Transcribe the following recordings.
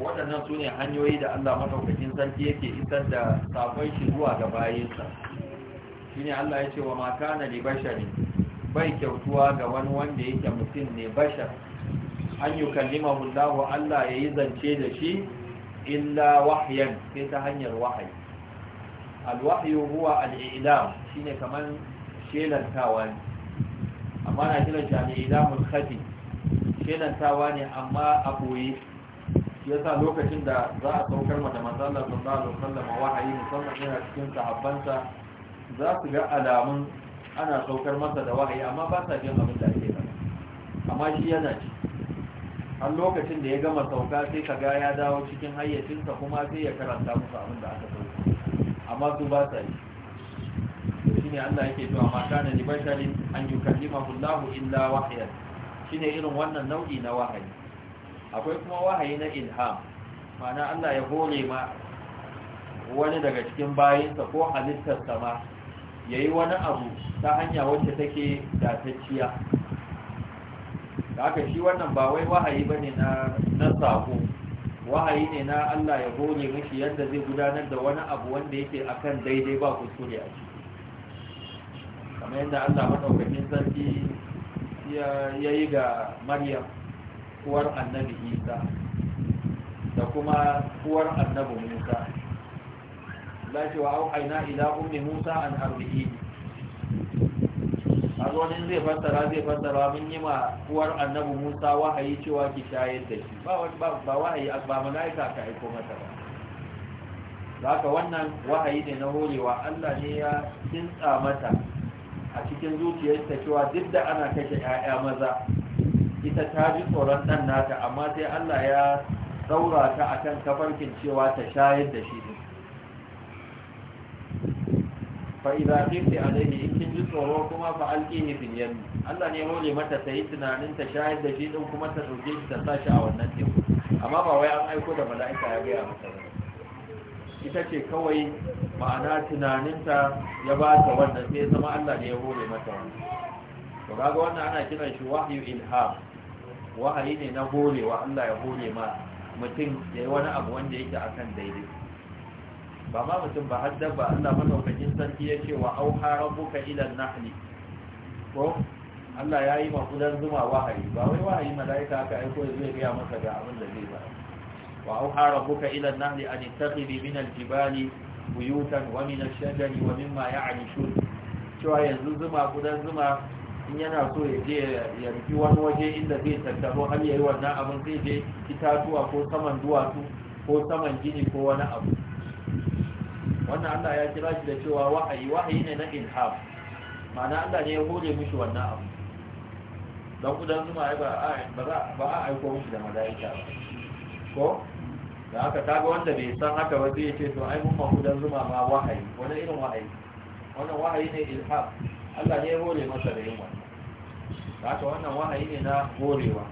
waɗannan su ne hanyoyi da Allah madaukakin sarki yake isar da safon shi zuwa ga bayinsa ne Allah ya ce wa mata na li bashari bai kyautuwa ga wani wanda yake mutum ne bashar an yi kallimahu Allah Allah ya yi zance da shi illa wahyan sai ta hanyar wahayi alwahyu huwa al'ilam shi shine kamar shelantawa ne amma na kiran shi khafi shelantawa ne amma a boye yasa lokacin da za a saukar mata matsalar sallallahu alaihi wasallam wahayi musamman yana cikin sahabbanta za su ga alamun ana saukar masa da wahayi amma ba sa jin abin da ake gaba amma shi yana ci har lokacin da ya gama sauka sai ka ga ya dawo cikin hayyacinsa kuma sai ya karanta musu abin da aka sauka amma su ba sa yi ne Allah yake cewa ma kana li basharin an yukallimahu Allah illa wahyan shine irin wannan nau'i na wahayi akwai kuma wahayi na ilham mana Allah ya hore ma wani daga cikin bayinsa ko halittar sama ya yi wani abu ta hanya wacce take datacciya da aka shi wannan ba wai wahayi ba ne na sako wahayi ne na Allah ya hore mashi yadda zai gudanar da wani abu wanda yake akan daidai ba kuskure a ciki kamar yadda Allah maɗaukakin sarki ya yi ga Maryam uwar annabi isa da kuma uwar annabi musa lafi wa aina ila ummi musa an harbihi a zonin zai fassara zai fassara mun yi ma uwar annabi musa wahayi cewa ki shayar da shi ba wahayi ba malaika ka aiko mata ba haka wannan wahayi ne na horewa allah ne ya kintsa mata a cikin zuciyarta cewa duk da ana kashe 'ya'ya maza ita ta ji tsoron ɗan nata amma sai Allah ya daura ta kan tafarkin cewa ta shayar da shi din fa idza a alayhi in kin ji tsoro kuma fa ne fil yam Allah ne hore mata ta yi tunanin ta shayar da shi din kuma ta dauke shi ta sashi a wannan teku amma ba wai an aiko da mala'ika ya gaya mata ba ita ce kawai ma'ana tunaninta ya ba ta wannan sai zama Allah ne ya hore mata wannan to kaga wannan ana kiran shi wahyu ilham wahayi ne na horewa Allah ya hore ma mutum ya yi wani abu wanda yake kan daidai ba ma mutum ba har dabba Allah madaukakin sarki ya ce wa auha rabbuka ila nahli ko Allah ya yi makudan zuma wahayi ba wai wahayi malaika aka aiko ya zai gaya masa ga abin da zai ba wa auha rabbuka ilan nahli an tattakhidhi min al buyutan wa min ash-shajari wa mimma ya'nishun cewa yanzu zuma kudan zuma in yana so ya je ya rufi wani waje inda zai tattaro har yi wannan abin zai je itatuwa ko saman duwatsu ko saman gini ko wani abu wannan Allah ya kira shi da cewa wahayi wahayi ne na ilham ma'ana Allah ne ya hore mishi wannan abu don kudan zuma ya ba a aiko mishi da malaika ba ko da aka taga wanda bai san haka ba zai ce to ai mun kudan zuma ma wahayi wani irin wahayi wannan wahayi ne ilham Allah ne ya hore masa da yin wannan da ta wannan wahayi ne na horewa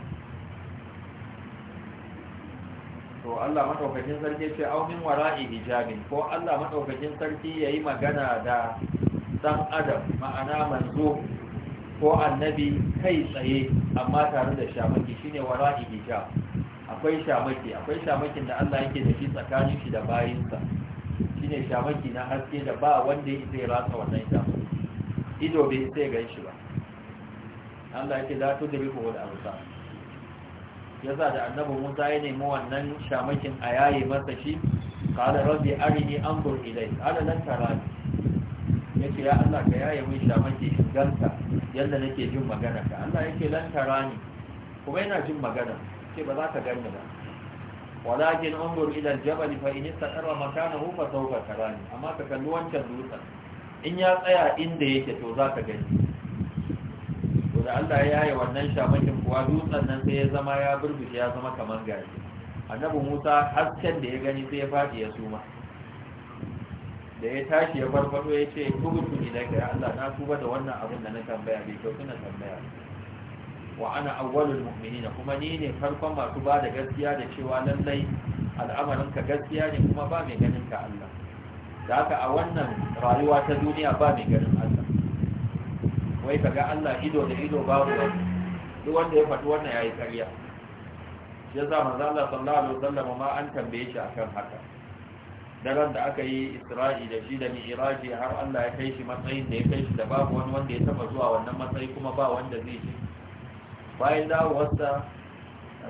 to Allah madaukakin sarki ce aumin wara'i hijabin ko Allah madaukakin sarki ya yi magana da dan adam ma'ana manzo ko annabi kai tsaye amma tare da shamaki shine wara'i hijab akwai shamaki akwai shamakin da Allah yake da shi tsakanin shi da bayinsa shine shamaki na haske da ba wanda zai ratsa wannan shamaki ido bai sai gan shi ba Allah ya ce za da diri ko da ya yasa da annabi Musa ya nemi wannan shamakin a yaye masa shi qala rabbi arini anzur ilayk ala lan tara yace ya Allah ka yaye min shamaki ganta yanda nake jin magana ka Allah yake lan ni kuma yana jin magana ce ba za ka gani ba walakin anzur ila aljabal fa in istaqarra makanahu fa sawfa tarani amma ka kalli wancan dutsen in ya tsaya inda yake to za ka gani to da Allah ya yi wannan shamakin kuwa dutsen nan sai ya zama ya burbushe ya zama kamar gari annabi musa hasken da ya gani sai ya faɗi ya suma da ya tashi ya farfado ya ce tubutu ilaika ya Allah na tuba da wannan abin da na tambaya bai kyau suna tambaya wa ana awwalul mu'minina kuma ni ne farkon masu ba da gaskiya da cewa lallai al'amarin ka gaskiya ne kuma ba mai ganin ka Allah da haka a wannan rayuwa ta duniya ba mai ganin Allah wai ka ga Allah ido da ido babu wani duk wanda ya faɗi wannan yayi ƙarya shi yasa manzo Allah sallallahu alaihi wasallam ma an tambaye shi akan haka daren da aka yi Isra'i da shi da Mi'raji har Allah ya kai shi matsayin da ya kai shi da babu wani wanda ya taba zuwa wannan matsayi kuma ba wanda zai yi. bayan dawowarsa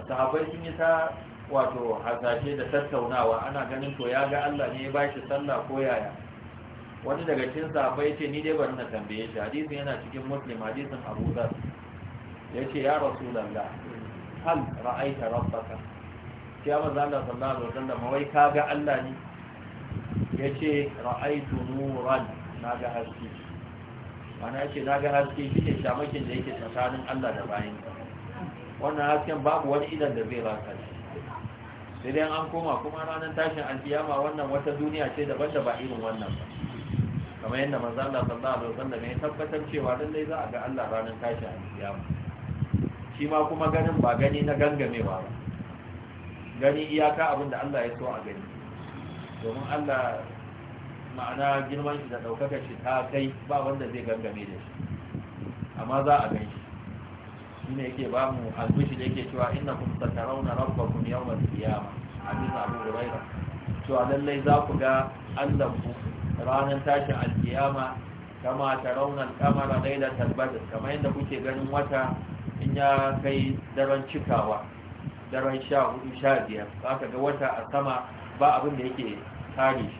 sahabbai sun yi ta wato hasashe da tattaunawa ana ganin to ya ga Allah ne ya ba shi sallah ko yaya wani daga cikin sahabbai ce ni dai bari na tambaye shi hadisin yana cikin muslim hadisin abu zar ya ce ya rasulullah hal ra'aita rabbaka ya manzo Allah sallallahu alaihi wasallam wai ka ga Allah ne ya ce ra'aitu nuran na ga haske mana ya ce na ga haske shi ne shamakin da yake tsakanin Allah da bayan wannan hasken babu wani idan da zai rasa shi sai dai an koma kuma ranar tashin alkiyama wannan wata duniya ce daban da ba irin wannan ba kamar yadda manzo Allah sallallahu alaihi wasallam ya tabbatar cewa lallai za a ga Allah ranar tashin alkiyama shi ma kuma ganin ba gani na gangamewa ba gani iyaka abin da Allah ya so a gani domin Allah ma'ana girman shi da ɗaukaka shi ta kai ba wanda zai gangame da shi amma za a gani shi ne yake ba mu albishi da yake cewa inna rauna, raba rabbakum yawmal qiyamah hadisin abu To a lallai za ku ga allanku ranar tashin alkiyama kama ta raunar kamara lailatar badr kamar yadda kuke ganin wata in ya kai daren cikawa daren sha hudu sha biyar za ka ga wata a sama ba abin da yake kare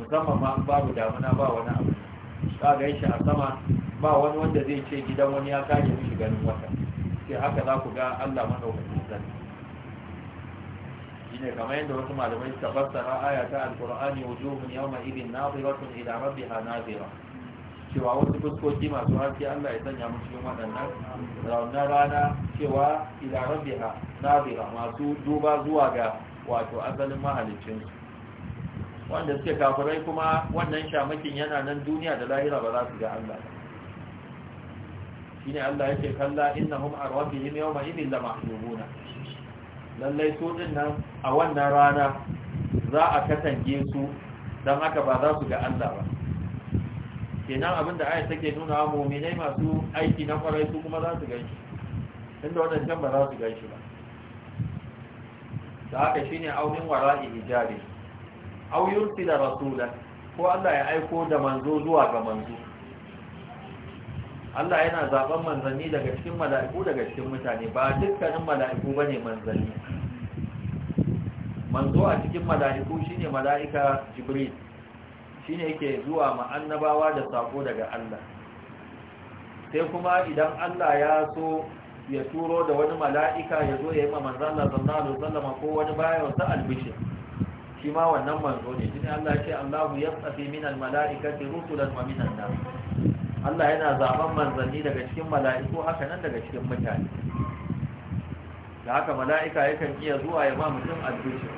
musamman ma babu damuna ba wani abu za ga shi a sama ba wani wanda zai ce gidan wani ya kare mishi ganin wata sai haka za ku ga allah maɗaukakin zane ne kamar yadda wasu malamai suka fassara aya ta alqur'ani wujuhun yawma idin nadiratun ila rabbiha nadira cewa wasu fuskoki masu haske Allah ya sanya mu cikin waɗannan rauna rana cewa ila rabbiha nadira masu duba zuwa ga wato asalin mahalicin wanda suke kafirai kuma wannan shamakin yana nan duniya da lahira ba za su ga Allah shine Allah yake kalla innahum arwabihim yawma idin la mahjubuna lallai su din nan a wannan rana za a katange su don haka ba za su ga Allah ba kenan abin da ayat take nuna wa mu'minai masu aiki na kwarai su kuma za su ganshi inda wannan ba za su ganshi ba da haka shine aunin wara'i hijabi au da rasula ko Allah ya aiko da manzo zuwa ga manzo Allah yana zaben manzanni daga cikin mala'iku daga cikin mutane ba dukkanin mala'iku bane manzanni manzo a cikin mala'iku shine mala'ika Jibril shine yake zuwa ma da sako daga Allah sai kuma idan Allah ya so ya turo da wani mala'ika ya zo ya yi ma manzan Allah sallallahu alaihi wasallam ko wani bayan albishin, shi ma wannan manzo ne shine Allah ya ce Allahu yasafi minal mala'ikati rusulan wa minan nas Allah yana zaɓen manzanni daga cikin mala'iku haka nan daga cikin mutane da haka mala'ika yakan iya zuwa ya ba mutum adduci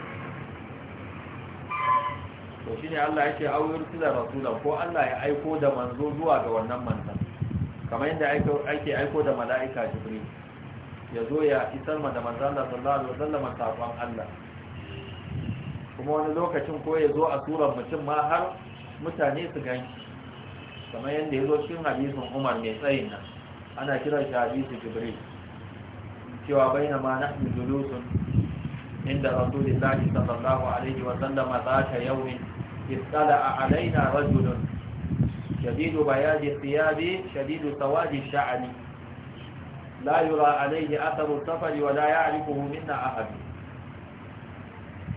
to shine Allah yake auyar tila rasula ko Allah ya aiko da manzo zuwa ga wannan manzan kamar yadda ake aiko da mala'ika Jibri, ya zo ya isar ma da manzan Allah sallallahu alaihi wasallam sakon Allah kuma wani lokacin ko ya zo a turan mutum ma har mutane su ganki. kama yadda ya zo cikin hadisin umar mai tsayin nan ana kira shi hadisi jibril cewa baina ma nahnu julusun inda rasulillahi sallallahu alaihi wa sallam zaka yawmin istala alaina rajulun شديد بياض shadidu شديد سواد la yura alaihi عليه أثر wa la يعرفه minna أحد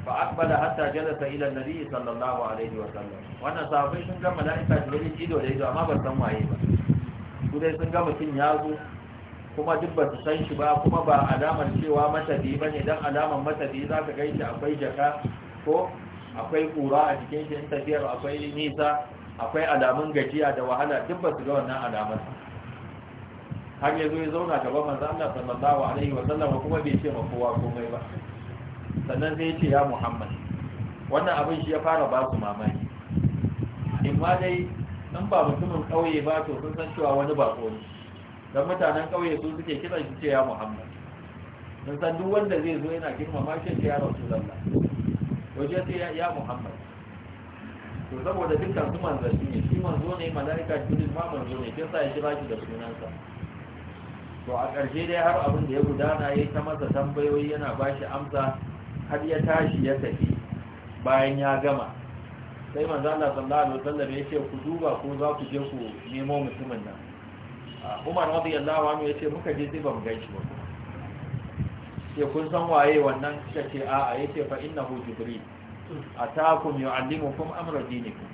fa aqbala hatta jalasa ila nabi sallallahu alaihi wa sallam wannan sahabbai sun ga malaika yake ido da ido amma ba san waye ba su dai sun ga mutum ya zo kuma duk ba su san shi ba kuma ba alamar cewa bi bane dan alamar bi zaka gaishe akwai jaka ko akwai kura a jikin shi in tafiyar akwai nisa akwai alamun gajiya da wahala duk ba su ga wannan alamar har yanzu ya zauna gaban manzo Allah sallallahu alaihi wa sallam kuma bai ce ma kowa komai ba sannan zai ce ya muhammad wannan abin shi ya fara ba su mamaki in ma dai in ba mutumin ƙauye ba to sun san cewa wani ba ne don mutanen ƙauye su suke kiran shi ce ya muhammad sun san duk wanda zai zo yana girmama shi ce ya rasu lalla waje sai ya muhammad to saboda dukkan su manzanni ne shi manzo ne malaika jibril ma manzo ne kin sa ya kira shi da sunansa to a ƙarshe dai har abin da ya gudana ya yi ta masa tambayoyi yana ba shi amsa har ya tashi ya tafi bayan ya gama sai manzo Allah sallallahu alaihi wasallam ya ce ku duba ko za ku je ku nemo mutumin nan Umar radiyallahu anhu ya ce muka je sai bamu gaishe ba ya kun san waye wannan suka ce a'a yace fa innahu jibril atakum yu'allimukum amra dinikum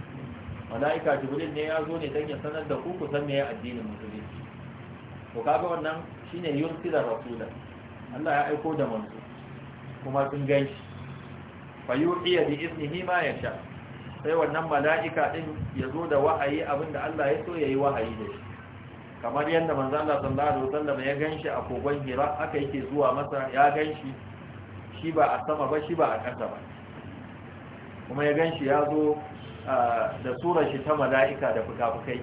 malaika jibril ne ya zo ne dan ya sanar da ku ku san meye addinin musulunci ko kaga wannan shine yursila rasula Allah ya aiko da manzo kuma sun gan shi fa yuhiya bi iznihi ma yasha sai wannan mala'ika din ya zo da wahayi abinda Allah ya so yayi wahayi da shi kamar yadda manzo Allah sallallahu alaihi wasallam ya ganshi a kogon Hira aka yake zuwa masa ya ganshi shi ba a sama ba shi ba a ƙasa ba kuma ya ganshi ya zo da surar shi ta mala'ika da fukafukai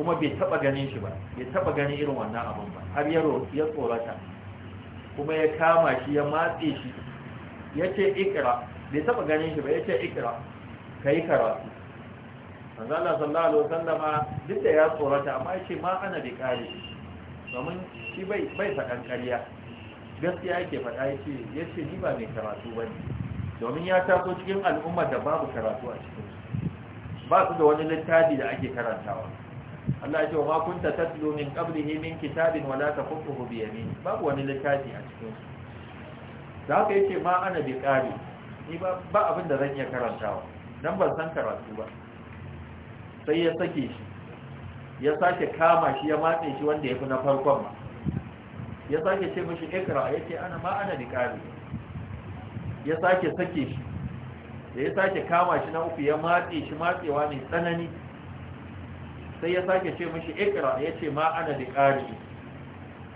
kuma bai taba ganin shi ba bai taba ganin irin wannan abin ba har ya tsorata kuma ya kama shi ya matse shi ya ce ikira bai taba ganin shi ba ya ce ikira ka yi karatu sallallahu alaihi wasallama duk da ya tsorata amma ya ce ma ana da kare domin shi bai bai faɗan ƙarya gaskiya yake faɗa ya ce ya ce ni ba mai karatu ba ne domin ya taso cikin al'ummar da babu karatu a cikin ba su da wani littafi da ake karantawa Allah ya ce ma kunta tatlu min qablihi min kitabin wala taqutuhu bi yamin babu wani littafi a cikin su da haka yake ma ana bi qari ni ba ba abin da zan iya karantawa dan ban san karatu ba sai ya sake shi ya sake kama shi ya matse shi wanda yafi na farkon ba ya sake ce mishi ikra yake ana ma ana bi qari ya sake sake shi da ya sake kama shi na uku ya matse shi matsewa mai tsanani sai ya sake ce mishi ikra ya ce ma ana da ƙari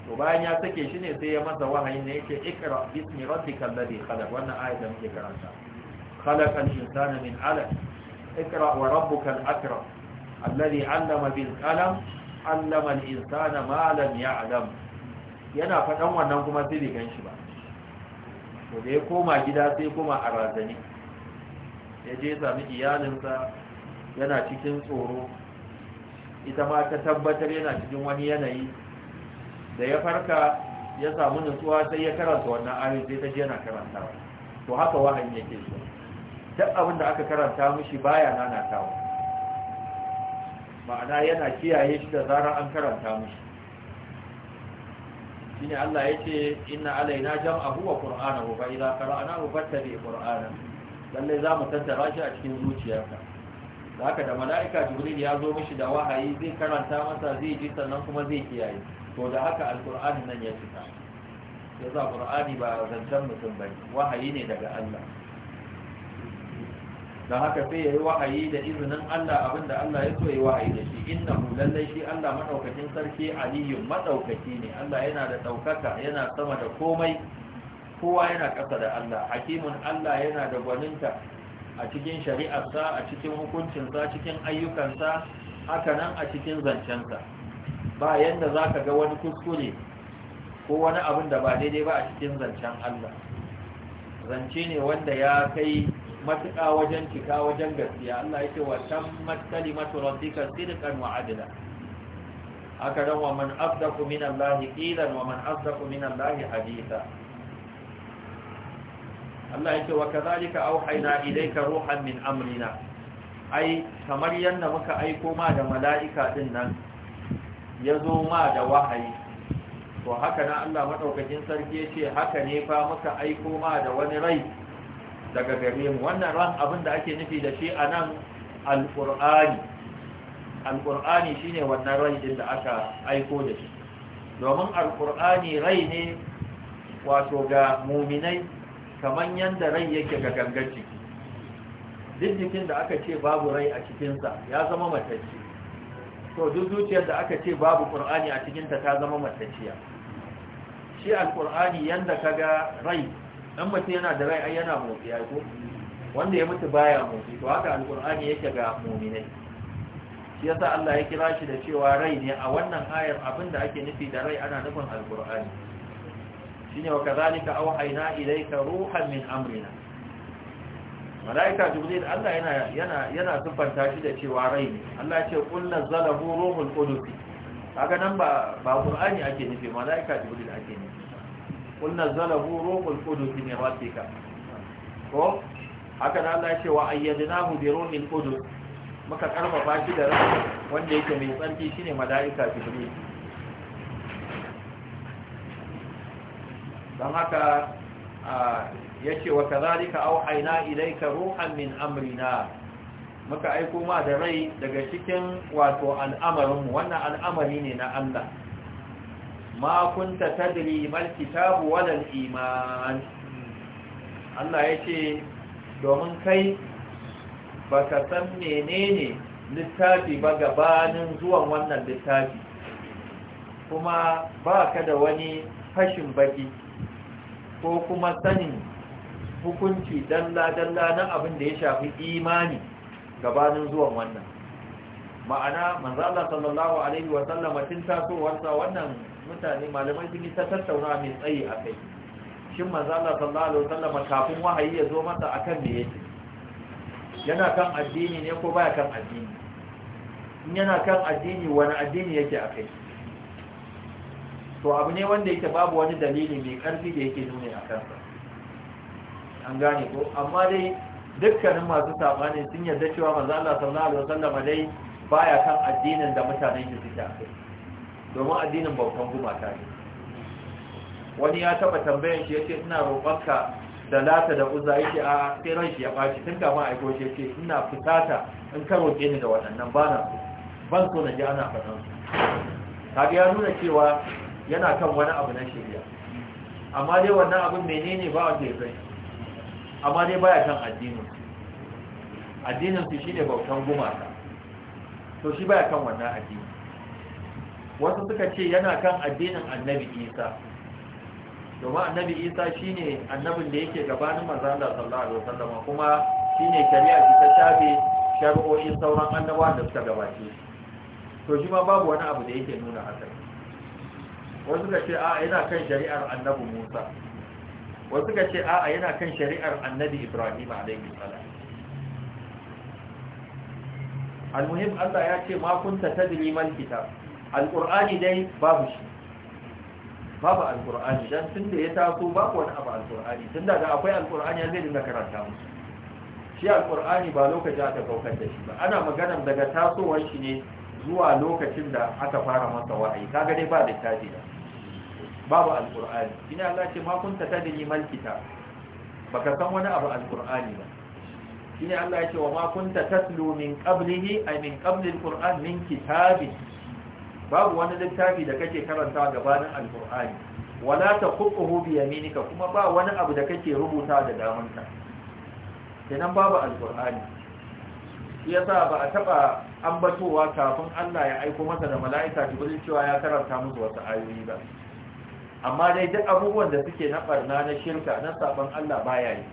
to bayan ya sake shi ne sai ya masa wahayi ne ya ce ikra bismi rabbikal ladhi khalaq wannan ayat da muke karanta khalaqal insana min 'alaq ikra wa rabbukal akram alladhi 'allama bil qalam 'allama al insana ma lam ya'lam yana faɗan wannan kuma sai bai ganshi ba to da ya koma gida sai kuma a razani ya je sami iyalinsa yana cikin tsoro ita ma ta tabbatar yana cikin wani yanayi da ya farka ya samu nutsuwa sai ya karanta wannan ayoyi sai ta ji yana karanta, to haka wahayi yake shi duk abin da aka karanta mishi baya nanatawa ma'ana yana kiyaye shi da zarar an karanta mishi shine Allah yace inna alaina jam'ahu wa qur'anahu fa idza qara'nahu fattabi qur'ana lalle za mu tattara shi a cikin zuciyarka da haka da mala'ika jibril ya zo mishi da wahayi zai karanta masa zai ji sannan kuma zai kiyaye to da haka alkur'ani nan ya cika ya za qur'ani ba zancen mutum ba wahayi ne daga Allah da haka sai yayi wahayi da izinin Allah abinda Allah ya so yayi wahayi da shi innahu lallai shi Allah madaukakin sarki aliyu madaukaki ne Allah yana da ɗaukaka yana sama da komai kowa yana ƙasa da Allah hakimun Allah yana da gwaninta a cikin shari'arsa a cikin hukuncinsa cikin ayyukansa hakanan a cikin zancensa ba yadda za ka ga wani kuskure ko wani abin da ba daidai ba a cikin zancen Allah zance ne wanda ya kai matuƙa wajen cika wajen gaskiya Allah ya ce wa matsali kalimatu rabbika sidqan wa haka dan wa man afdaku min Lahi qilan wa man afdaku min Lahi hadisa Allah yake wa kazalika auhayna ilayka ruhan min amrina ai kamar yanda muka aiko ma da mala'ika din nan yazo ma da wahayi to haka nan Allah madaukakin sarki yace haka ne fa muka aiko ma da wani rai daga gare mu wannan ran abin ake nufi da shi anan alqur'ani alqur'ani shine wannan rai din da aka aiko da shi domin alqur'ani rai ne wato ga muminai kamar yadda rai yake ga gangar ciki duk jikin da aka ce babu rai a cikinsa ya zama matacce to duk zuciyar da aka ce babu ƙur'ani a cikinta ta zama matacciya shi alƙur'ani yadda ka ga rai ɗan mutum yana da rai ai yana motsi ya ko wanda ya mutu baya motsi to haka alƙur'ani yake ga mominai. shi yasa Allah ya kira shi da cewa rai ne a wannan ayar abinda ake nufi da rai ana nufin alƙur'ani shine wa kadhalika auhayna ilayka ruhan min amrina malaika jibril Allah yana yana yana sufanta shi da cewa rai ne Allah ya ce qul nazzalahu ruhul qudus kaga nan ba ba qur'ani ake nufi malaika jibril ake nufi qul nazzalahu ruhul qudus min rabbika ko haka da Allah ya ce wa ayyadnahu bi ruhil qudus muka karfafa shi da rai wanda yake mai tsarki shine malaika jibril don haka ya ce wa kazalika auhaina ilaika ruhan min amrina muka aiko ma da rai daga cikin wato al'amarinmu wannan al'amari ne na Allah ma kunta tadri mal kitabu wal iman Allah yace domin kai baka san menene littafi ba gabanin zuwan wannan littafi kuma ba ka da wani fashin baki ko kuma sanin hukunci dalla-dalla na abin da ya shafi imani gabanin zuwan wannan ma'ana manzala sallallahu alaihi wa sallama tun tasowarsa wannan mutane malamai sun yi ta tattauna mai tsayi a kai shin manzala sallallahu alaihi wa sallama kafin wahayi ya zo masa akan me yake yana kan addini ne ko baya kan addini in yana kan addini wani addini yake a kai to abu ne wanda yake babu wani dalili mai karfi da yake nuna a kansa an gane ko amma dai dukkanin masu sabani sun yarda cewa manzo Allah sallallahu alaihi wasallam dai baya kan addinin da mutanen shi suke akai domin addinin bautan gumaka ne wani ya taba tambayan shi yace ina roƙonka da lata da uza yake a sai ran shi ya baci tun kama aiko shi yace ina fitata in ka roƙe ni da waɗannan bana ban so na ji ana faɗan su kaga ya nuna cewa yana kan wani abu na shirya amma dai wannan abin menene ba wanda ya amma dai baya kan addinin addinin su shine bautan gumaka to shi baya kan wannan addini wasu suka ce yana kan addinin annabi isa domin annabi isa shine annabin da yake gabanin manzo Allah sallallahu alaihi wasallam kuma shine shari'a shi ta shafe shari'o'in sauran annabawa da suka gabace to shi ma babu wani abu da yake nuna haka wasu ka ce a yana kan shari'ar annabi musa wasu ka ce a yana kan shari'ar annabi ibrahim alayhi salam almuhim Allah ya ce ma kunta tadri man kitab alqur'ani dai babu shi babu alqur'ani dan tunda ya taso babu wani abu alqur'ani tunda da akwai alqur'ani zai dinga karanta musu shi alqur'ani ba lokaci aka saukar da shi ba ana magana daga tasowar shi ne zuwa lokacin da aka fara masa wa'ayi kaga dai ba littafi tajiya babu alqur'ani ina Allah ce ma kunta tadri mal Ba ka san wani abu alqur'ani ba ina Allah ya ce wa ma kunta tatlu min qablihi ay min qabli alqur'an min kitabi babu wani littafi da kake karantawa gabanin alqur'ani wala taqutuhu bi yaminika kuma ba wani abu da kake rubuta da damanka kenan babu shi yasa ba a taba ambatowa kafin Allah ya aiko masa da mala'ika Jibril cewa ya karanta musu wasu ayoyi ba amma dai duk abubuwan da suke na barna na shirka na sabon Allah baya yi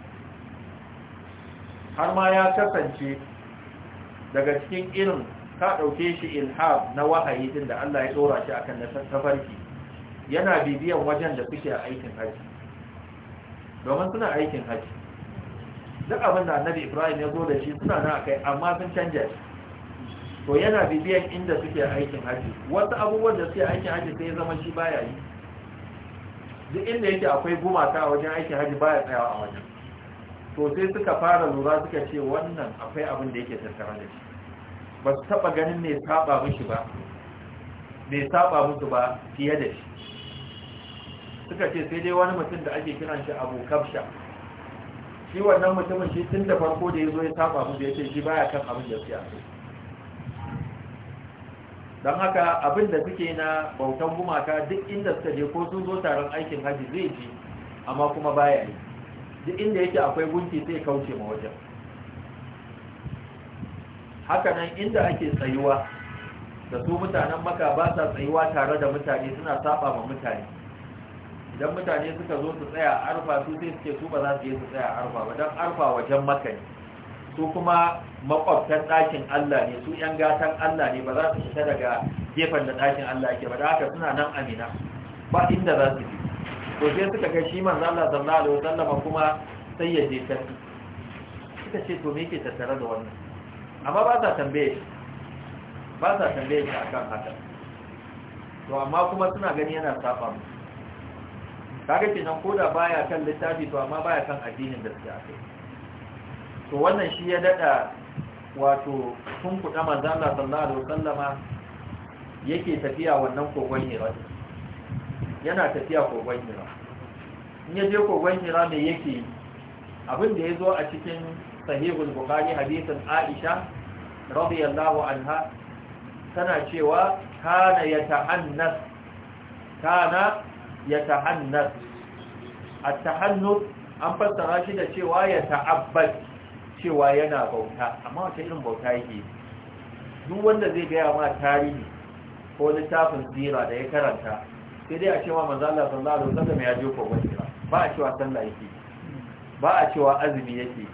har ma ya kasance daga cikin irin ka ɗauke shi ilhab na wahayi din da Allah ya ɗora shi akan na tafarki yana bibiyan wajen da suke a aikin haji domin suna aikin haji duk abin da annabi ibrahim ya zo da shi suna na kai amma sun canja shi to yana bibiyan inda suke aikin haji wasu abubuwan da suke aikin haji sai ya zama shi baya yi duk inda yake akwai gumaka a wajen aikin haji baya tsayawa a wajen to sai suka fara lura suka ce wannan akwai abin da yake tattara da shi ba su taba ganin mai saba mishi ba mai saba musu ba fiye da shi suka ce sai dai wani mutum da ake kiran shi abu kafsha shi wannan mutumin shi tun da farko da ya zo ya saba musu ya ce shi baya kan abin da suke a don haka abin da suke na bautan gumaka duk inda suka je ko sun zo taron aikin haji zai ji amma kuma baya yi duk inda yake akwai gunki sai kauce ma wajen hakanan inda ake tsayuwa da su mutanen maka ba sa tsayuwa tare da mutane suna saba ma mutane idan mutane suka zo su tsaya arfa su sai suke su ba za su je su tsaya arfa ba don arfa wajen maka ne su kuma makwabtan ɗakin Allah ne su ‘yan gatan Allah ne ba za su fita daga gefen da ɗakin Allah ke ba da haka suna nan amina ba inda za su fi to sai suka kai shi zalla zalla da alaihi ba kuma sai ya je tafi suka ce to me ke tattare da wannan amma ba sa tambaye shi ba sa tambaye shi akan haka to amma kuma suna gani yana saba mu kaga kenan koda baya kan littafi to amma baya kan addinin da suke akai to wannan shi ya dada wato sun kuɗa manzala sallallahu alaihi wasallama yake tafiya wannan kogon hira yana tafiya kogon hira in ya je kogon hira mai yake abin da ya zo a cikin sahihul bukari hadisin aisha radiyallahu anha tana cewa kana yatahannas kana yata'annas at-tahannus an fassara shi da cewa ya cewa yana bauta amma wata irin bauta yake duk wanda zai gaya ma tarihi ko littafin zira da ya karanta sai dai a cewa manzo Allah sallallahu alaihi wasallam ya je ko sira ba a cewa sallah yake ba a cewa azumi yake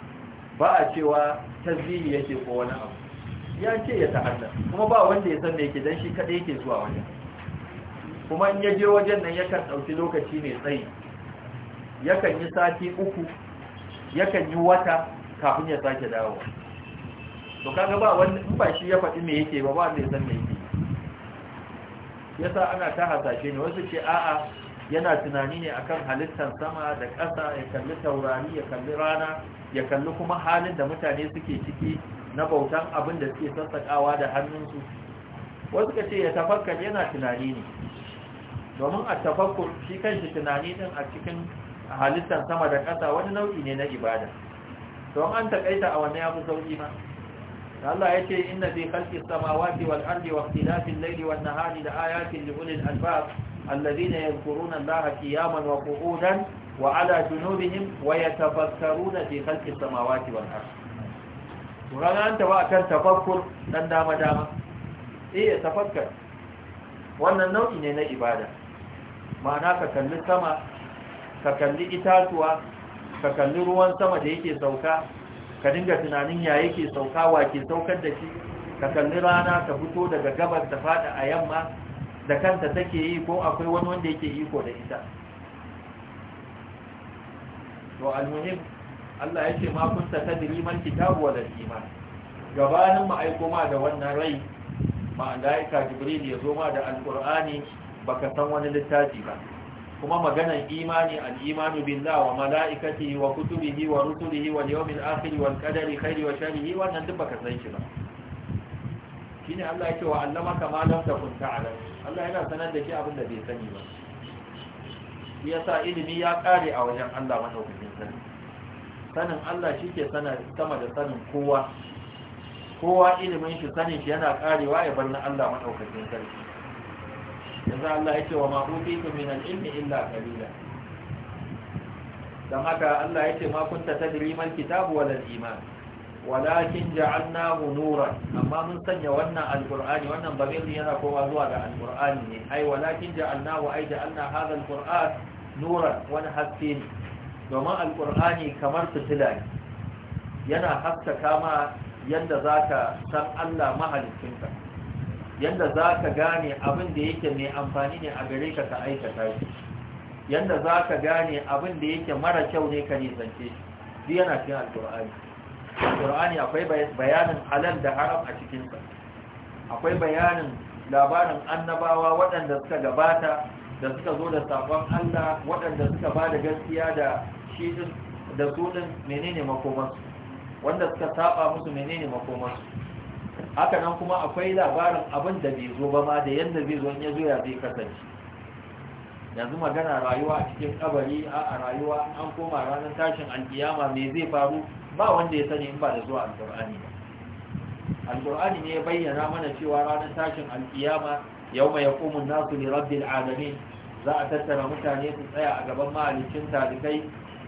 ba a cewa tasbihi yake ko wani abu ya ce ya ta'adda kuma ba wanda ya san me yake dan shi kada yake zuwa wajen kuma in ya je wajen nan yakan dauki lokaci mai tsayi yakan yi sati uku yakan yi wata kafin ya sake dawo to kaga ba wani in ba shi ya faɗi me yake ba ba zai san me yake yasa ana ta hasashe ne wasu ce a'a yana tunani ne akan halittar sama da ƙasa ya kalli taurari ya kalli rana ya kalli kuma halin da mutane suke ciki na bautan abin da suke sassaƙawa da hannunsu wasu ka ce ya tafakkar yana tunani ne domin a tafakkur shi kanshi tunani din a cikin halittar sama da ƙasa wani nau'i ne na ibada Don an takaita a wannan yafi sauki ma Allah ya ce inna fi khalqis samawati wal ardi wa ikhtilafil layli wan nahari la ayatin li ulil albab alladhina yadhkuruna Allaha qiyaman wa qu'udan wa ala junubihim wa yatafakkaruna fi khalqis samawati wal ardi Kurana an taba kan tafakkur dan dama dama eh tafakkar wannan nau'i ne na ibada ma'ana ka kalli sama ka kalli itatuwa ka kalli ruwan sama da yake sauka ka dinga tunanin ya yake sauka wa ke saukar da shi ka kalli rana ta fito daga gabas ta fada a yamma da kanta take yi ko akwai wani wanda yake iko da ita to almuhim Allah ya ce ma ta tadri man kitabu wal iman gabanin mu aiko ma da wannan rai ma'ana Jibril ya zo ma da alqur'ani baka san wani littafi ba kuma maganan imani al-imanu billahi wa mala'ikatihi wa kutubihi wa rusulihi wal yawmil akhir wal qadari khairi wa sharrihi wannan duk baka san shi ba shine Allah yake wa Allama kama lam takun ta'lam Allah yana sanar da shi abin da bai sani ba Ya yasa ilimi ya kare a wajen Allah madaukakin sani sanin Allah shike sana sama da sanin kowa kowa ilimin shi sanin shi yana karewa ya bar na Allah madaukakin sani yanzu Allah ya ce wa ma'utitu min al-ilmi illa qalila dan haka Allah ya ce ma kunta tadri man kitabu iman walakin ja'alnahu nuran amma mun sanya wannan alqur'ani wannan babiri yana kowa zuwa ga alqur'ani ne ai walakin ja'alnahu ai ja'alna hadha alqur'an nuran wani haske domin alqur'ani kamar fitila yana haskaka ma yadda zaka san Allah mahalicinka yanda za ka gane abin da yake mai amfani ne a gare ka ka aikata shi yanda za ka gane abin da yake mara kyau ne ka nisance shi yana cin alkur'ani alkur'ani akwai bayanin halal da haram a cikinsa akwai bayanin labarin annabawa waɗanda suka gabata da suka zo da sabon allah waɗanda suka ba da gaskiya da shi da su ɗin menene makomansu wanda suka saba musu menene makomansu haka nan kuma akwai labarin abin da bai zo ba ma da yadda bai zo ya zo ya zai kasance yanzu magana rayuwa a cikin kabari a rayuwa an koma ranar tashin alkiyama mai zai faru ba wanda ya sani in ba da zuwa alkur'ani ba alkur'ani ne ya bayyana mana cewa ranar tashin alkiyama yau mai yakumun nasu ne rabbin alamin za a tattara mutane su tsaya a gaban mahalicin talibai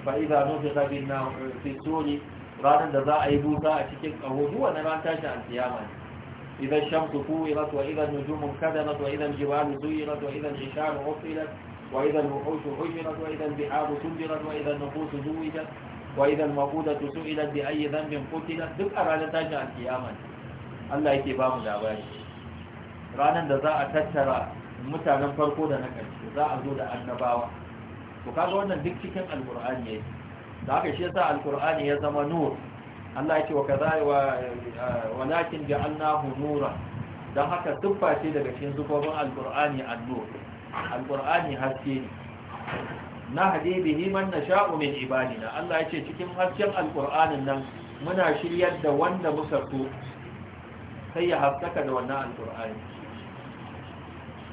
fa'iza nufi nufiqa na fitori ranar da za a yi busa a cikin ƙaho zuwa na ran tashi alkiyama ne idan shamsu Irasu, wa idan nujumun kadamat wa idan jibalu Irasu, wa idan isharu ufilat wa idan wuhushu hujjirat wa idan biharu sujirat wa idan nufusu zuwijat wa idan su maqudatu su'ilat bi ayyi dhanbin qutilat duk a ranar tashi alkiyama ne Allah yake ba mu labari ranar da za a tattara mutanen farko da na ƙarshe za a zo da annabawa Ku kaga wannan duk cikin alqur'ani ne? da haka shi yasa alkur'ani ya zama nur Allah ya ce wa kaza wa eh, walakin ja'alnahu nuran dan haka tuffa daga cikin zukofin alkur'ani an alkur'ani haske ne na hade bihi man nasha'u min ibadina Allah ya ce cikin hasken alkur'anin nan muna shiryar da wanda muka so sai ya haskaka da wannan alkur'ani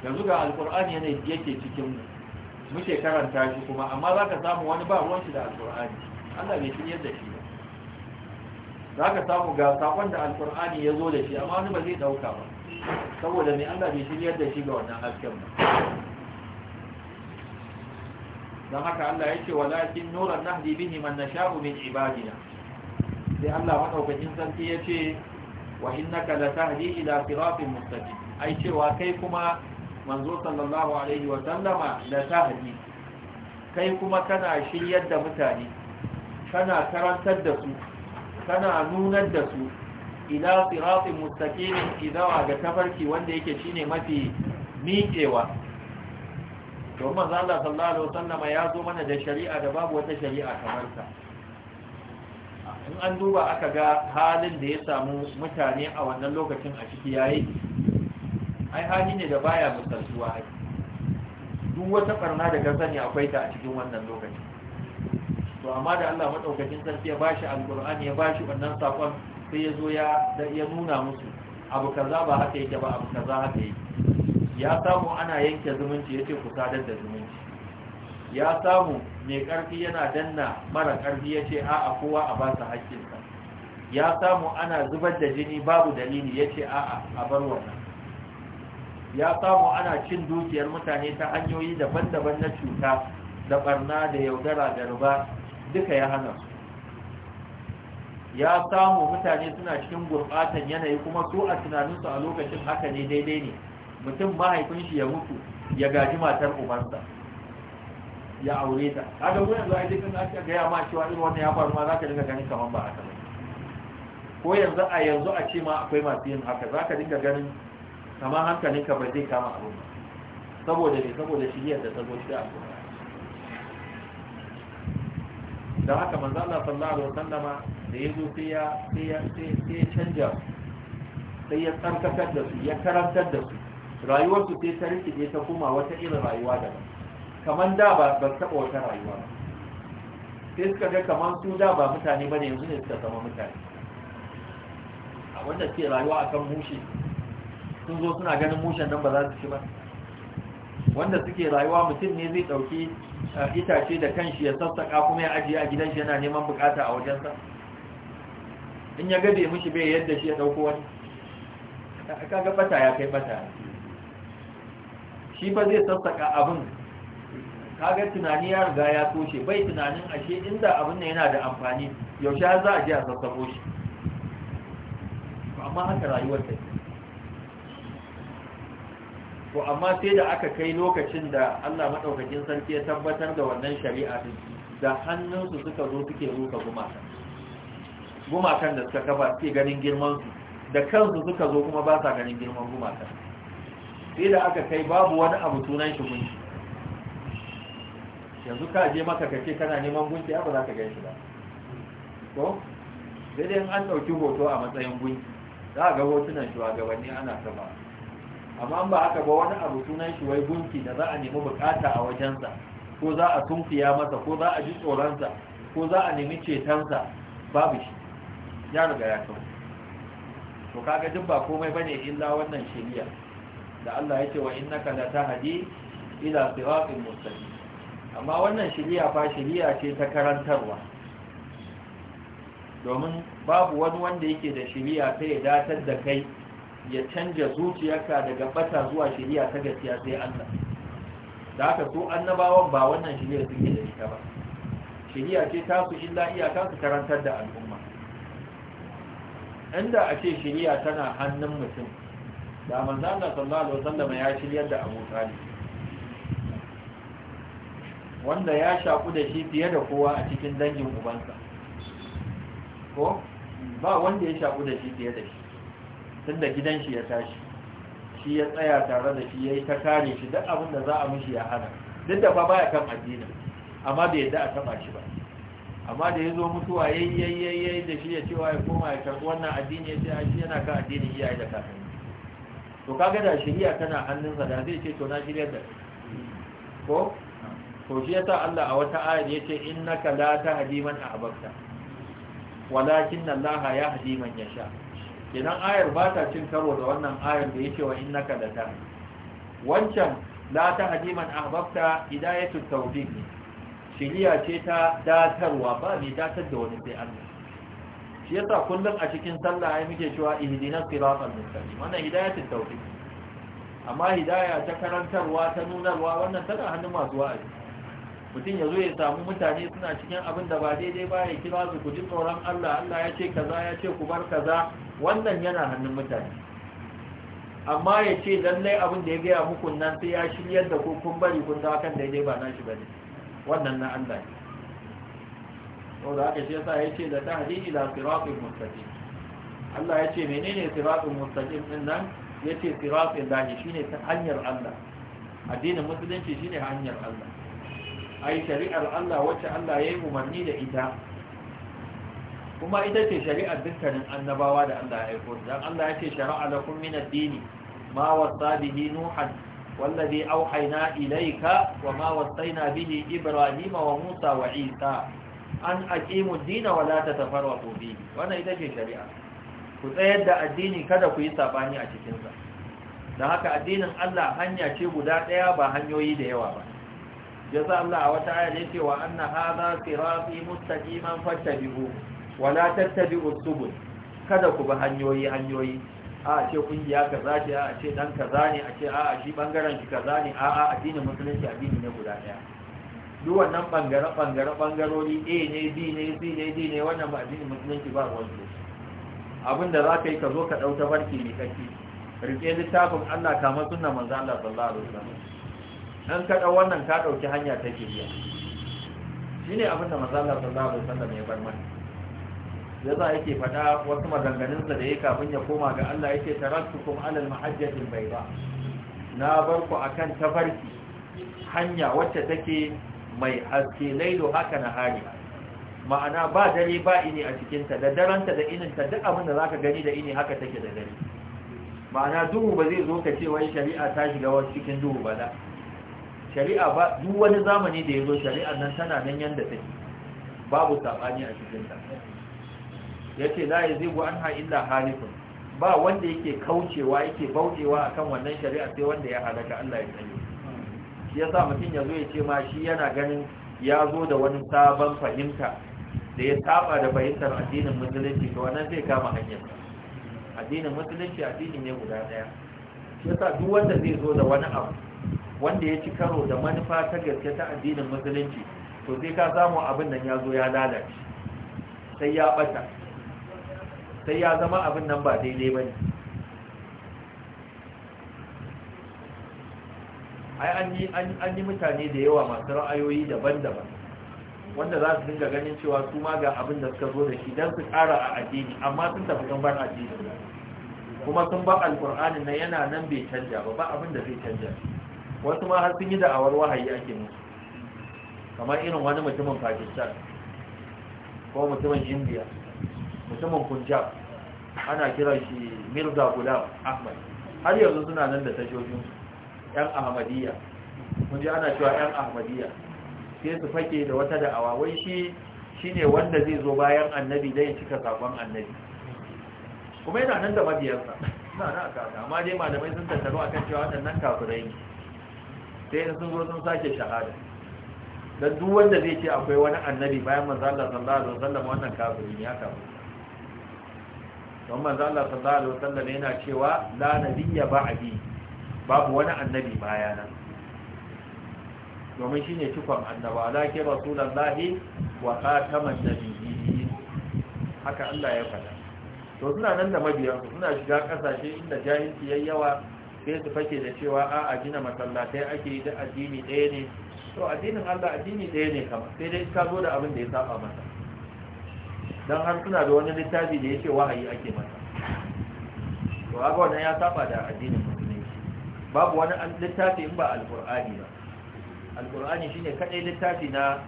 yanzu ga alkur'ani yana yake cikin mu muke karanta shi kuma amma za ka samu wani ba ruwanci da alkur'ani allah bai shiryar da shi ba za ka samu ga sakon da alkur'ani ya zo da shi amma wani ba zai ɗauka ba saboda mai allah bai shiryar da shi ga wannan hasken ba don haka allah ya ce walakin nuran nahdi bihi man nasha'u min ibadina sai allah madaukakin sarki ya ce wa innaka latahdi ila siratin mustaqim ai cewa kai kuma manzo sallallahu alaihi wa sallama da tahdi kai kuma kana shiryar da mutane kana karantar da su kana nunar da su ila siratin mustaqimin idawa ga tafarki wanda yake shine mafi miƙewa to manzo Allah sallallahu alaihi ya zo mana da shari'a da babu wata shari'a kamar ta in an duba aka ga halin da ya samu mutane a wannan lokacin a ciki yayi ai hali ne da baya misaltuwa ai duk wata barna da ka sani akwai ta a cikin wannan lokaci to amma da Allah madaukakin sarki ya bashi alqur'ani ya bashi wannan sakon sai ya zo ya nuna musu abu kaza ba haka yake ba abu kaza haka yake ya samu ana yanke zumunci yace ku sadar da zumunci ya samu mai karfi yana danna mara karfi yace a'a kowa a ba sa haƙƙinsa ya samu ana zubar da jini babu dalili yace a'a a bar wannan ya samu ana cin dukiyar mutane ta hanyoyi daban-daban na cuta da barna da yaudara da ruba duka ya hana ya samu mutane suna cikin gurɓatan yanayi kuma su a tunaninsu a lokacin haka ne daidai ne mutum mahaifin shi ya mutu ya gaji matar ubansa ya aure ta wani wurin zuwa dukkan aka gaya ma cewa irin wannan ya faru ma za ka dinga ganin kamar ba haka ba ko yanzu a yanzu a ce ma akwai masu yin haka za ka dinga ganin hankalin hankalinka ba zai kama abu saboda ne saboda shiriyar da ta zo shi a da haka manzo Allah sallallahu alaihi wasallama da yazo sai ya sai ya canja sai ya tsarkakar da su ya karantar da su rayuwar su sai ta rike ta kuma wata irin rayuwa ba kaman da ba ba taɓa wata rayuwa ba sai suka ga kaman su da ba mutane bane yanzu ne suka zama mutane a wanda ke rayuwa akan mushi sun zo suna ganin mushen nan ba za su ci ba wanda suke rayuwa mutum ne zai dauki itace da kanshi ya sassaƙa kuma ya ajiye a gidan shi yana neman bukata a wajensa in ya gade mishi bai yadda shi ya ɗauko wani kaga bata ya kai bata shi ba zai sassaƙa abin kaga tunani ya riga ya toshe bai tunanin ashe inda abin ne yana da amfani yaushe za a je a sassako shi amma haka rayuwar take to amma sai da aka kai lokacin da Allah madaukakin sarki ya tabbatar da wannan shari'a din da hannunsu suka zo suke ruka gumaka gumakan da suka kafa suke ganin girman su da kansu suka zo kuma ba sa ganin girman gumakan sai da aka kai babu wani abu sunan shi gunki yanzu ka je maka kace kana neman gunki abu za ka gan shi ba ko sai dai an ɗauki hoto a matsayin gunki za a ga hotunan shugabanni ana sama. amma ba haka ba wani abu sunan shi wai gunki da za a nemi bukata a wajensa ko za a tunfiya masa ko za a ji tsoronsa ko za a nemi cetonsa babu shi ya riga ya kawo to kaga duk ba komai bane illa wannan shari'a da Allah yake wa innaka la tahdi ila siratin mustaqim amma wannan shari'a fa shari'a ce ta karantarwa domin babu wani wanda yake da shari'a sai ya datar da kai ya canja zuciyarka daga bata zuwa shirya ta gaskiya sai Allah da haka su annabawan ba wannan shari'a suke da ita ba Shirya ce ta su illa iyaka su karantar da al'umma inda a ce shari'a tana hannun mutum da manzo Allah sallallahu alaihi wasallam ya shiryar da Abu Talib wanda ya shaku da shi fiye da kowa a cikin dangin ubansa ko ba wanda ya shaku da shi fiye da shi tun da gidan shi ya tashi shi ya tsaya tare da shi ya yi ta kare shi duk abin da za a mishi ya hana duk da ba baya kan addinin amma bai yadda a taba shi ba amma da ya zo mutuwa ya yi da shi ya cewa ya koma ya karɓi wannan addini ya ce a shi yana kan addinin iyaye da kakanni to kaga da shari'a tana hannunsa da zai ce to na shiryar da ko to shi yasa Allah a wata ayar ce innaka la tahdi man ahbabta walakin Allah yahdi man yasha kenan ayar ba ta cin karo da wannan ayar da yake wa innaka da ta wancan la ta hadiman ahbabta hidayatu tawfiq shiriya ce ta datarwa ba mai datar da wani sai Allah shi yasa kullum a cikin sallah ai muke cewa ihdinas siratal mustaqim wannan hidayatu tawfiq amma hidaya ta karantarwa ta nunarwa wannan tana hannun masu wa'azi mutum ya zo ya samu mutane suna cikin abin da ba daidai ba ya kira su ku ji tsoron Allah Allah ya ce kaza ya ce ku bar kaza wannan yana hannun mutane amma ya ce lallai abin da ya gaya muku nan sai ya shiryar da ku kun bari kun ta kan daidai ba nashi ne, wannan na Allah ne saboda haka shi yasa ya ce da tahdi ila siratul mustaqim Allah ya ce menene siratul mustaqim din nan ya yace siratul lahi shine ta hanyar Allah addinin musulunci shine hanyar Allah ai shari'ar Allah wacce Allah ya yi umarni da ita kuma ita ce shari'ar dukkanin annabawa da Allah ya aiko dan Allah ya ce shara'a lakum min ad-din ma wasa bihi nuhan wallazi ilayka wa ma wasayna bihi ibrahima wa musa wa isa an aqimu ad-din wa la bihi wannan ita ce shari'a ku tsayar da addini kada ku yi sabani a cikin sa dan haka addinin Allah hanya ce guda daya ba hanyoyi da yawa ba jaza Allah a wata ayar ce wa anna hadha sirati mustaqiman fattabi'uhu wala tattabi'u subul kada ku bi hanyoyi hanyoyi a ce kungiya kaza ce a ce dan kaza ne a ce a'a shi bangaren shi kaza ne a'a addinin musulunci addini ne guda daya duk wannan bangare bangare bangarori A ne B ne C ne D ne wannan ba addinin musulunci ba ruwan su abinda za ka yi ka zo ka ta barki mai kake rike littafin Allah kamar sunna manzo Allah sallallahu alaihi wasallam an ka dau wannan ka dauki hanya ta kiriya shine da manzo Allah sallallahu alaihi wasallam ya bar mana ya za yake faɗa wasu maganganunsa da ya kafin ya koma ga Allah yake kuma alal mahajjatin bai ba na bar ku akan tafarki hanya wacce take mai haske lailu haka na hari ma'ana ba dare ba ini a cikinta da daranta da ta duk abin da zaka gani da ini haka take da dare ma'ana duhu ba zai zo ka ce wai shari'a ta shiga wasu cikin duhu ba da shari'a ba duk wani zamani da ya zo shari'ar nan tana nan yanda take babu sabani a cikin ta. yace la yazigu anha illa halifun ba wanda yake kaucewa yake bauɗewa akan wannan shari'a sai wanda ya halaka Allah ya tsare shi yasa mutum yazo ya ce ma shi yana ganin ya zo da wani sabon fahimta da ya saba da fahimtar addinin musulunci to wannan zai kama hanyar addinin musulunci addini ne guda daya shi yasa duk wanda zai zo da wani abu wanda ya ci karo da manufa ta gaske ta addinin musulunci to sai ka samu abin nan ya zo ya lalace sai ya bata sai ya zama abin nan ba daidai ba ne an yi mutane da yawa masu ra'ayoyi daban-daban wanda za su dinga ganin cewa su ma ga abin da suka zo da shi don su ƙara a addini amma sun tafi kan bar addini kuma sun ba Alƙur'ani nan yana nan bai canja ba ba abin da zai canja wasu ma har sun yi da'awar wahayi ake musu kamar irin wani mutumin pakistan ko mutumin india mutumin punjab ana kira shi mirza gulam ahmad har yanzu suna nan da tashoshin yan ahmadiyya mun ji ana cewa yan ahmadiyya sai su fake da wata da'awa wai shi shine wanda zai zo bayan annabi dai cika sakon annabi kuma yana nan da mabiyarsa na na kasa amma dai malamai sun tattaro akan cewa waɗannan kafirai ne sai sun zo sun sake shahada dan duk wanda zai ce akwai wani annabi bayan manzo Allah sallallahu alaihi wasallam wannan kafiri ne ya kafiri don manzo Allah sallallahu alaihi wasallam yana cewa la nabiyya ba'di babu wani annabi bayana domin shine cikon annaba lake rasulullahi wa khataman nabiyyi haka Allah ya faɗa to suna nan da mabiyansu suna shiga kasashe inda jahilci yayi yawa sai su fake da cewa a a gina masallatai ake yi da addini ɗaya ne to addinin Allah addini ɗaya ne kama sai dai ka zo da abin da ya saba masa don har suna da wani littafi da ya ce wahayi ake mata to haka wannan ya saba da addinin musulunci babu wani littafi in ba alkur'ani ba alkur'ani shine kadai littafi na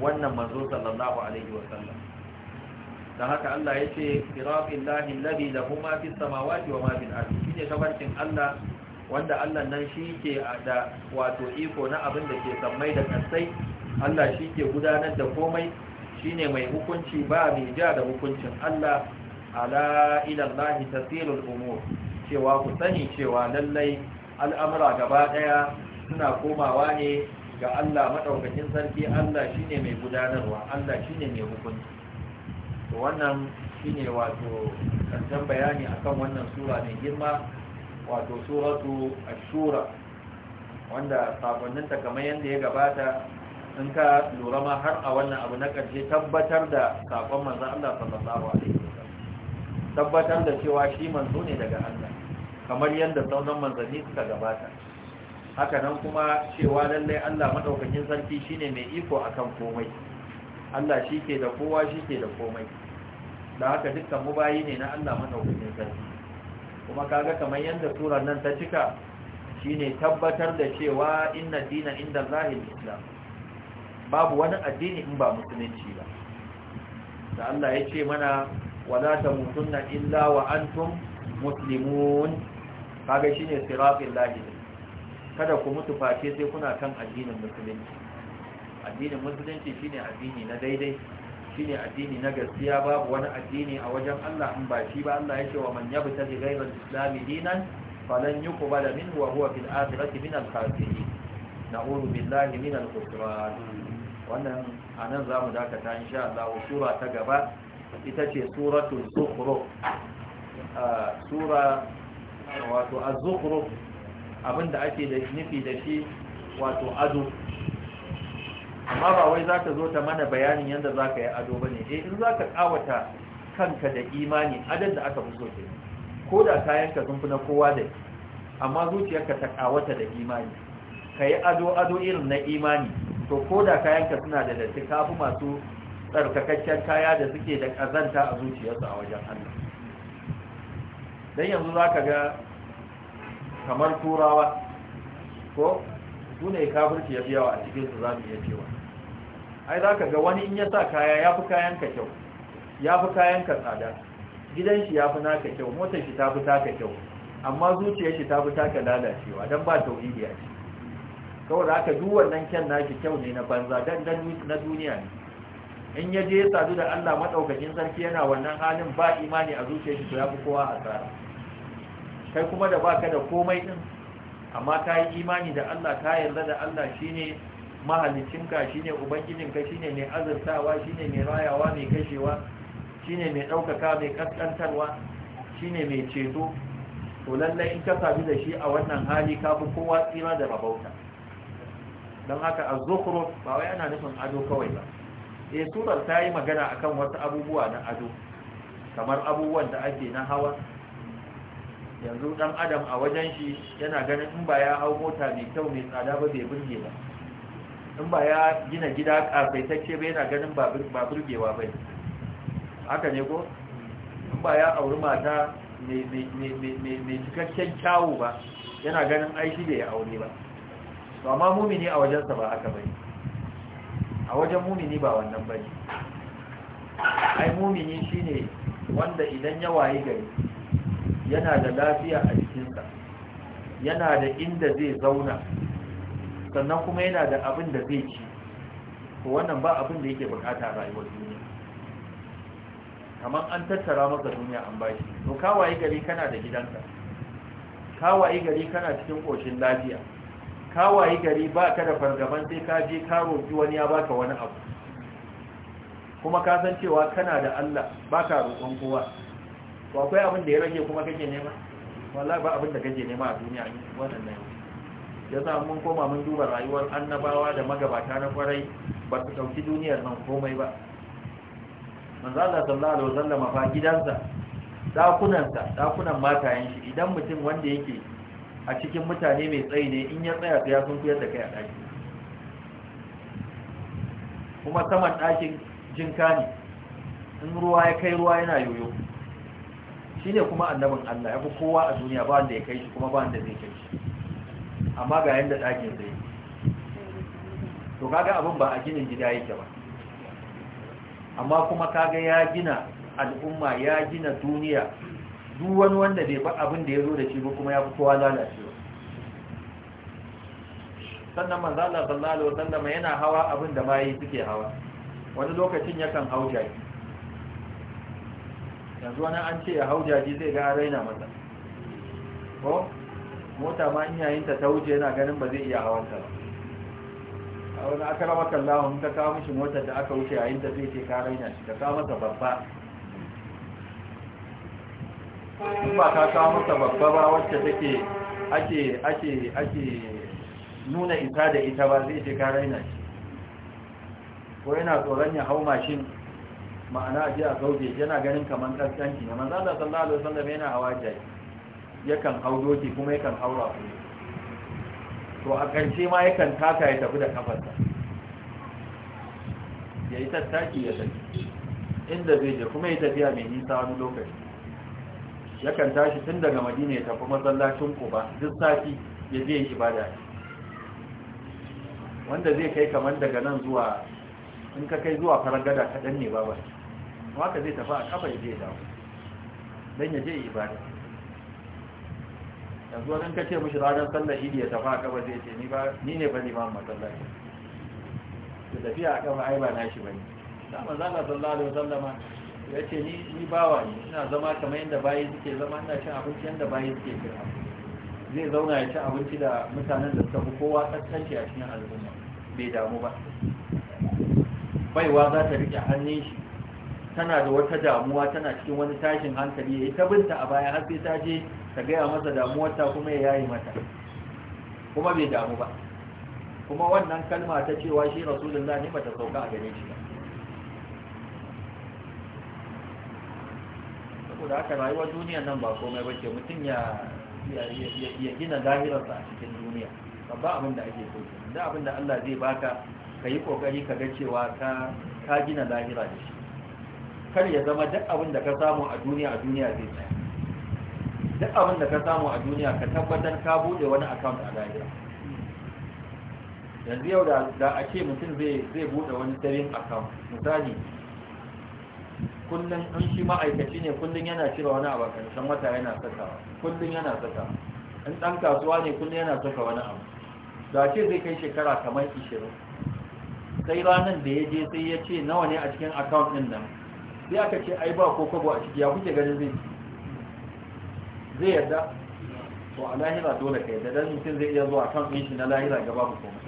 wannan manzo sallallahu alaihi wa sallam dan haka Allah yace qira'illahi alladhi lahu ma fi samawati wa ma fil ardi shine tabarkin Allah wanda Allah nan shi ke da wato iko na abin da ke sammai da kasai Allah shi ke gudanar da komai shine mai hukunci ba mai ja da hukuncin Allah ala ilallahi tasirul umur cewa ku sani cewa lallai al'amura gaba ɗaya suna komawa ne ga Allah maɗaukacin sarki Allah shine mai gudanarwa Allah shine mai hukunci to wannan shine wato kancan bayani akan wannan sura mai girma wato suratu ash-shura wanda sakonninta kamar yadda ya gabata in ka lura ma har a wannan abu na ƙarshe tabbatar da sakon manzan Allah sallallahu alaihi wasallam tabbatar da cewa shi manzo ne daga Allah kamar yadda sauran manzanni suka gabata haka nan kuma cewa lallai Allah madaukakin sarki shine mai iko akan komai Allah shi ke da kowa shi ke da komai da haka dukkan mu bayi ne na Allah madaukakin sarki kuma kaga kamar yadda surar nan ta cika shine tabbatar da cewa inna dina inda zahir islam babu wani addini in ba musulunci ba da Allah ya ce mana wala mutunna illa wa antum muslimun kaga shine sirafin lahi kada ku mutu face sai kuna kan addinin musulunci addinin musulunci shine addini na daidai shine addini na gaskiya babu wani addini a wajen Allah in ba shi ba Allah ya ce wa man yabtaji ghayra al-islam dinan falan yuqbala minhu wa huwa fil akhirati min al-khasirin na'udhu billahi min al-khusran wannan a nan za mu dakata in sha Allah sura ta gaba ita ce suratul zukhruf sura wato az-zukhruf abinda ake da nufi da shi wato ado amma ba wai zaka zo ta mana bayanin yanda zaka yi ado bane eh in zaka kawata kanka da imani adan da aka fi so ke ko da kayan ka sun fi na kowa da amma zuciyarka ta kawata da imani kayi yi ado ado irin na imani to ko da kayanka suna da datti ka fi masu tsarkakakken kaya da suke da ƙazanta a zuciyarsu a wajen Allah don yanzu za ka ga kamar turawa ko su ne kafirci ya biyawa a cikinsu za mu iya cewa ai za ka ga wani in ya sa kaya ya fi kayanka kyau ya fi kayanka tsada gidan shi ya fi naka kyau motar shi ta fi taka kyau amma zuciyar shi ta fi taka lalacewa don ba tauhidi a ciki saboda haka duk wannan kyan nashi kyau ne na banza dan na duniya ne in ya je sadu da Allah maɗaukacin sarki yana wannan halin ba imani a zuciya shi to yafi kowa tsara kai kuma da baka da komai din amma ka yi imani da Allah ka yarda da Allah shi ne shi ne shine shi ne mai azurtawa ne mai rayawa mai kashewa shi ne mai ɗaukaka mai shi ne mai ceto to lallai in ka sadu da shi a wannan hali ka fi kowa tsira da rabauta don haka a zokuro ba wai ana nufin ado kawai ba e surar ta yi magana akan wasu abubuwa na ado kamar abubuwan da ake na hawa yanzu dan adam a wajen shi yana ganin in ba ya hau mota mai kyau mai tsada ba bai burge ba in ba ya gina gida ƙarfaitacce ba yana ganin ba burgewa ba haka ne ko in ba ya auri mata mai cikakken kyawu ba yana ganin aishi da ya aure ba to amma mumini a wajensa ba aka bai, a wajen mumini ba wannan bane ai mumini ne wanda idan ya waye gari yana da lafiya a jikinsa yana da inda zai zauna sannan kuma yana da abin da zai ci ko wannan ba abin da yake bukata a rayuwar duniya kamar an tattara maka duniya an ba shi. to kawaye gari kana da gidanka kawaye gari kana cikin koshin lafiya ka wayi gari ba ka da fargaban sai ka je ka roƙi wani ya baka wani abu kuma ka san cewa kana da Allah ba ka roƙon kowa to akwai abin da ya rage kuma kake nema wallahi ba abin da kake nema a duniya ne wannan ne ya sa mun koma mun duba rayuwar annabawa da magabata na kwarai ba su ɗauki duniyar nan komai ba manzo Allah sallallahu alaihi wasallam fa gidansa dakunansa dakunan matayen shi idan mutum wanda yake a cikin mutane mai tsayi ne in ya tsaya ta ya sun fiye da kai a ɗaki kuma saman ɗakin jinka ne in ruwa ya kai ruwa yana yoyo shi ne kuma annabin Allah ya fi kowa a duniya ba wanda ya kai shi kuma ba wanda zai kai shi amma ga yadda ɗakin zai to kaga abin ba a ginin gida yake ba amma kuma kaga ya gina al'umma ya gina duniya duk wani wanda bai ba abin da ya zo da shi ba kuma ya fi kowa lalacewa sannan manzala sallallahu alaihi wasallam yana hawa abin da bayi suke hawa wani lokacin yakan hau jaji. yanzu wani an ce ya hau jaji zai ga raina masa ko mota ma in yayin ta ta wuce yana ganin ba zai iya hawan ta ba a wani kallawa lahun ka kawo mishi motar da aka wuce yayin ta zai ce ka raina shi ka kawo masa babba in ba ka kawo masa babba ba wacce take ake ake ake nuna ita da ita ba zai ce ka raina shi ko yana tsoron ya hau mashin ma'ana a jiya sauke yana ganin kamar kaskanci ne manzan da da sallah mai yana hawa jai yakan hau doki kuma yakan hau rafu to a ƙarshe ma yakan taka ya tafi da kafarsa ya yi tattaki ya tafi inda zai je kuma ya tafiya mai nisa wani lokaci yakan tashi tun daga madina ya tafi masallacin kuba duk sati ya je ibada wanda zai kai kamar daga nan zuwa in ka kai zuwa faragada kaɗan ne baba waka zai tafi a kafa ya je dawo don ya je ibada yanzu wani ka ce mashi ranar sallar idi ya tafi a kafa zai ce ni ne ba liman masallaci da tafiya a kafa ai ba na shi ba ne da manzana sallallahu alaihi ya ce ni bawa ne ina zama kamar yadda bayi suke zama ina cin abinci yadda bayi suke cin zai zauna ya ci abinci da mutanen da suka fi kowa tsakanci a cikin al'umma bai damu ba baiwa za ta rike hannun shi tana da wata damuwa tana cikin wani tashin hankali ya yi ta binta a baya har sai ta je ta gaya masa ta kuma ya yayi mata kuma bai damu ba kuma wannan kalma ta cewa shi rasulullah ne bata sauka a gare shi ba saboda haka rayuwa duniya nan ba komai ba ce mutum ya gina zahirarsa a cikin duniya babba abin da ake so da abin da Allah zai baka ka yi kokari ka ga cewa ka gina zahira da shi kar ya zama duk abin da ka samu a duniya a duniya zai tsaya duk abin da ka samu a duniya ka tabbatar ka bude wani account a zahira yanzu yau da a ce mutum zai bude wani saving account misali kullum an shi ma'aikaci ne kullum yana cire wani abu karshen wata yana saka, kullum yana saka in ɗan kasuwa ne kullum yana saka wani abu da ce zai kai shekara kamar ishirin sai ranar da ya je sai ya ce nawa ne a cikin akawun din nan sai aka ce ai ba ko kwabo a ciki ya kuke ganin zai zai yarda to a lahira dole ka yarda dan mutum zai iya zuwa kan din shi na lahira gaba ku kuma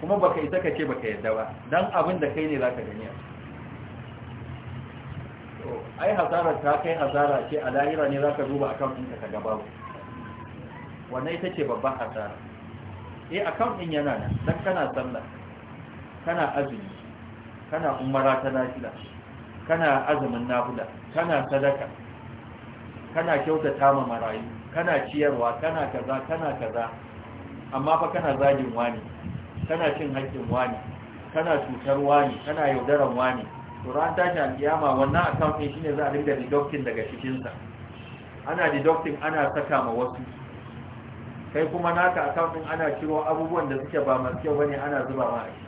kuma baka isa ka ce baka yarda ba dan abin da kai ne zaka gani a ai hazarar ta kai hazara ce a lahira ne za ka duba account ɗinka ka gaba wannan ita ce babban hasara eh account ɗin yana nan dan kana sallah kana azumi kana umara ta lafiya kana azumin nafila kana sadaka kana kyautata ma marayu kana ciyarwa kana kaza kana kaza amma fa kana zagin wani kana cin haƙƙin wani kana cutar wani kana yaudaran wani to ran tashi alkiyama wannan account din shine za a dinga deducting daga cikin sa ana deducting ana saka ma wasu kai kuma naka account din ana ciro abubuwan da suke ba masu kyau bane ana zuba ma shi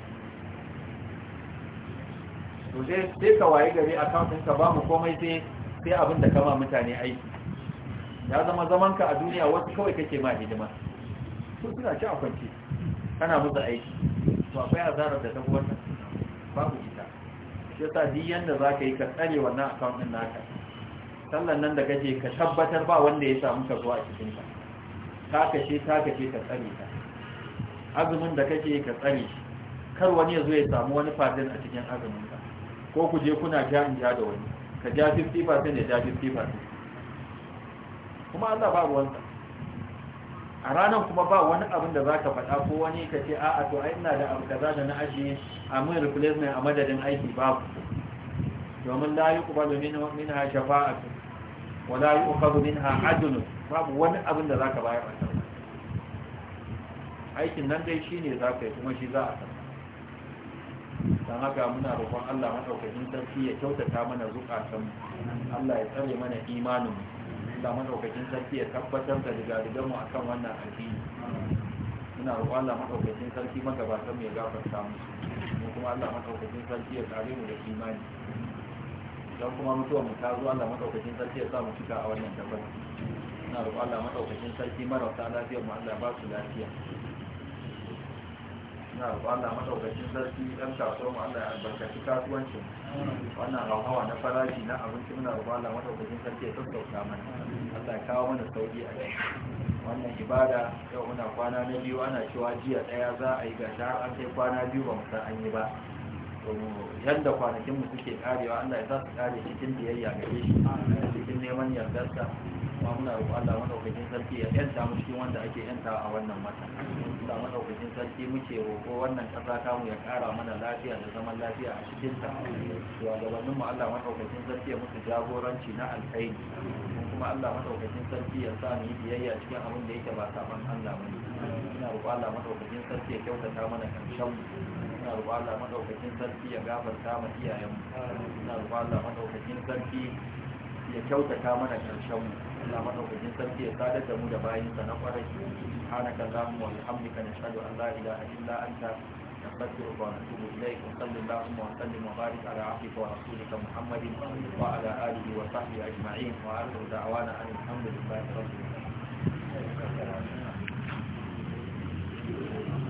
to sai sai ka waye gari account din ka ba mu komai sai sai abin da kama mutane aiki ya zama zaman ka a duniya wasu kawai kake ma hidima su suna ci a kwance kana musu aiki to akwai azarar da ta wannan babu ita shi yasa duk yanda za ka yi ka tsare wannan account din naka sallan nan da kake ka tabbatar ba wanda ya samu ka zuwa a cikin ka ta kashe ta kashe ka tsare ta azumin da kake ka tsare shi kar wani ya zo ya samu wani fadin a cikin azumin ka ko ku je kuna ja in ja da wani ka ja 50% ya ja 50% kuma Allah babu wanda a ranar kuma ba wani abin da za ka faɗa ko wani ka ce a'a to a ina da abu kaza da na ajiye a min replacement a madadin aiki babu domin la yuqbalu minha shafa'atu wa la yuqbalu minha adlu babu wani abin da za ka bayar aikin nan dai ne za ka yi kuma shi za a san don haka muna roƙon Allah madaukakin sarki ya kyautata mana zukatan Allah ya tsare mana imanin samu madaukakin sarki ya tabbatar da riga-rigar mu akan wannan addini muna roƙon Allah maɗaukacin sarki magabatan mai gafar samu. mu kuma Allah maɗaukacin sarki ya tsare mu da imani don kuma mutuwa mu ta zo Allah maɗaukacin sarki ya sa mu cika a wannan tabbatar muna roƙon Allah maɗaukacin sarki marasa lafiyar mu Allah ba su lafiya muna roƙon sarki ɗan kasuwar mu Allah ya albarkaci kasuwancin wannan hauhawa na farashi na abinci muna roƙon Allah madaukakin sarki ya sassauta mana Allah ya kawo mana sauki a kai. wannan ibada yau muna kwana na biyu ana cewa jiya daya za a yi gasha an kai kwana biyu ba mu san an yi ba yadda kwanakin mu suke karewa Allah ya sa su kare cikin biyayya ga shi cikin neman yardarsa muna roƙo Allah madaukakin sarki ya yanta mu cikin wanda ake yanta a wannan wata Allah madaukakin sarki muke roƙo wannan ƙasa ta mu ya ƙara mana lafiya da zaman lafiya a cikin ta shugabannin mu Allah madaukakin sarki ya musu jagoranci na alkhairi kuma Allah madaukakin sarki ya sa mu yi biyayya cikin abin da yake ba saban Allah bane ina roƙo Allah madaukakin sarki ya kyautata mana mu. ina roƙo Allah madaukakin sarki ya gafarta mu iyayen mu ina roƙo Allah madaukakin sarki ya kyautata mana karshen mu Allah madaukakin sarki ya sadar da mu da bayin sa na kwarai subhanaka allahumma wa bihamdika nashhadu an la ilaha illa anta نستغفرك ونتوب اليك وصل اللهم وسلم وبارك على عبدك ورسولك محمد وعلى اله وصحبه اجمعين واخر دعوانا ان الحمد لله رب العالمين